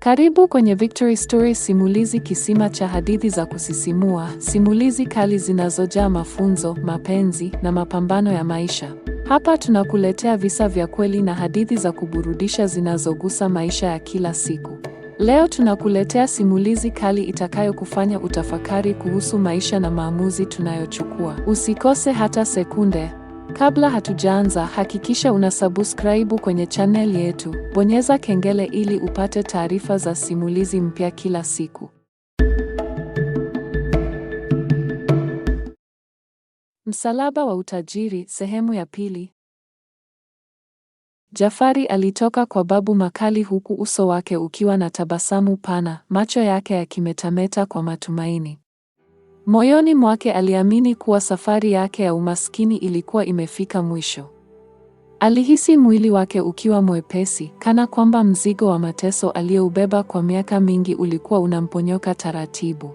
Karibu kwenye Victory Story simulizi kisima cha hadithi za kusisimua, simulizi kali zinazojaa mafunzo, mapenzi na mapambano ya maisha. Hapa tunakuletea visa vya kweli na hadithi za kuburudisha zinazogusa maisha ya kila siku. Leo tunakuletea simulizi kali itakayokufanya utafakari kuhusu maisha na maamuzi tunayochukua. Usikose hata sekunde. Kabla hatujaanza, hakikisha una subscribe kwenye channel yetu, bonyeza kengele ili upate taarifa za simulizi mpya kila siku. Msalaba wa utajiri, sehemu ya pili. Jafari alitoka kwa babu makali huku uso wake ukiwa na tabasamu pana, macho yake yakimetameta kwa matumaini. Moyoni mwake aliamini kuwa safari yake ya umaskini ilikuwa imefika mwisho. Alihisi mwili wake ukiwa mwepesi, kana kwamba mzigo wa mateso aliyoubeba kwa miaka mingi ulikuwa unamponyoka taratibu.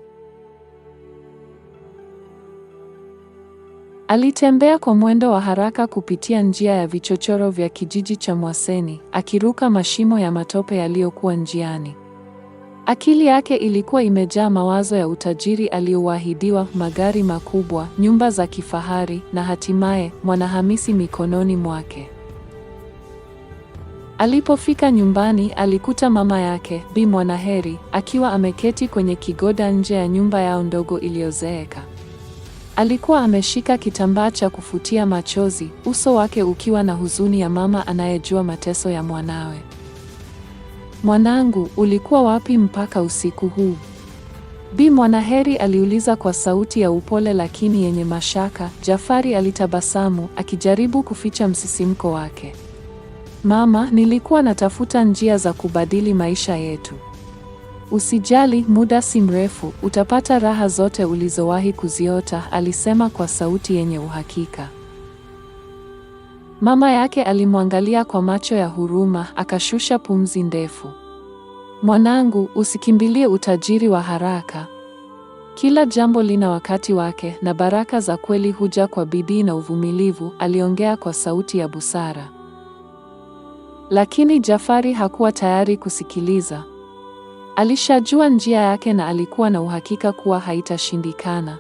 Alitembea kwa mwendo wa haraka kupitia njia ya vichochoro vya kijiji cha Mwaseni, akiruka mashimo ya matope yaliyokuwa njiani. Akili yake ilikuwa imejaa mawazo ya utajiri aliyouahidiwa magari makubwa, nyumba za kifahari na hatimaye Mwanahamisi mikononi mwake. Alipofika nyumbani, alikuta mama yake, Bi Mwanaheri, akiwa ameketi kwenye kigoda nje ya nyumba yao ndogo iliyozeeka. Alikuwa ameshika kitambaa cha kufutia machozi, uso wake ukiwa na huzuni ya mama anayejua mateso ya mwanawe. Mwanangu, ulikuwa wapi mpaka usiku huu? Bi Mwanaheri aliuliza kwa sauti ya upole lakini yenye mashaka. Jafari alitabasamu akijaribu kuficha msisimko wake. Mama, nilikuwa natafuta njia za kubadili maisha yetu. Usijali, muda si mrefu utapata raha zote ulizowahi kuziota, alisema kwa sauti yenye uhakika. Mama yake alimwangalia kwa macho ya huruma, akashusha pumzi ndefu. Mwanangu, usikimbilie utajiri wa haraka. Kila jambo lina wakati wake na baraka za kweli huja kwa bidii na uvumilivu, aliongea kwa sauti ya busara. Lakini Jafari hakuwa tayari kusikiliza. Alishajua njia yake na alikuwa na uhakika kuwa haitashindikana.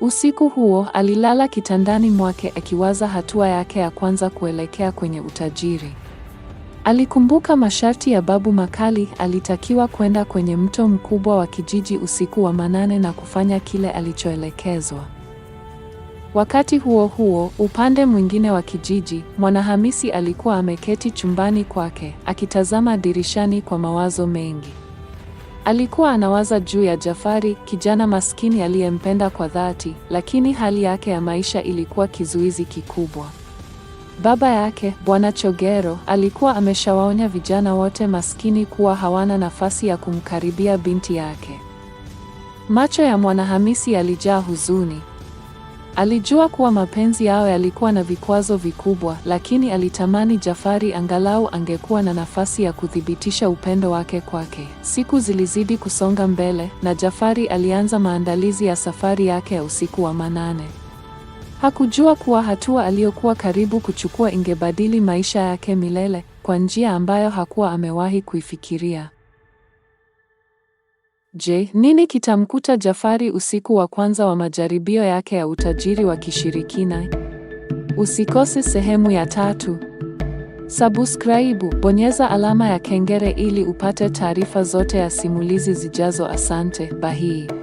Usiku huo alilala kitandani mwake akiwaza hatua yake ya kwanza kuelekea kwenye utajiri. Alikumbuka masharti ya Babu Makali, alitakiwa kwenda kwenye mto mkubwa wa kijiji usiku wa manane na kufanya kile alichoelekezwa. Wakati huo huo, upande mwingine wa kijiji, Mwanahamisi alikuwa ameketi chumbani kwake, akitazama dirishani kwa mawazo mengi. Alikuwa anawaza juu ya Jafari, kijana maskini aliyempenda kwa dhati, lakini hali yake ya maisha ilikuwa kizuizi kikubwa. Baba yake, Bwana Chogero, alikuwa ameshawaonya vijana wote maskini kuwa hawana nafasi ya kumkaribia binti yake. Macho ya Mwanahamisi yalijaa huzuni. Alijua kuwa mapenzi yao yalikuwa na vikwazo vikubwa, lakini alitamani Jafari angalau angekuwa na nafasi ya kuthibitisha upendo wake kwake. Siku zilizidi kusonga mbele na Jafari alianza maandalizi ya safari yake ya usiku wa manane. Hakujua kuwa hatua aliyokuwa karibu kuchukua ingebadili maisha yake milele kwa njia ambayo hakuwa amewahi kuifikiria. Je, nini kitamkuta Jafari usiku wa kwanza wa majaribio yake ya utajiri wa kishirikina? Usikose sehemu ya tatu. Subscribe, bonyeza alama ya kengele ili upate taarifa zote ya simulizi zijazo. Asante, Bahii.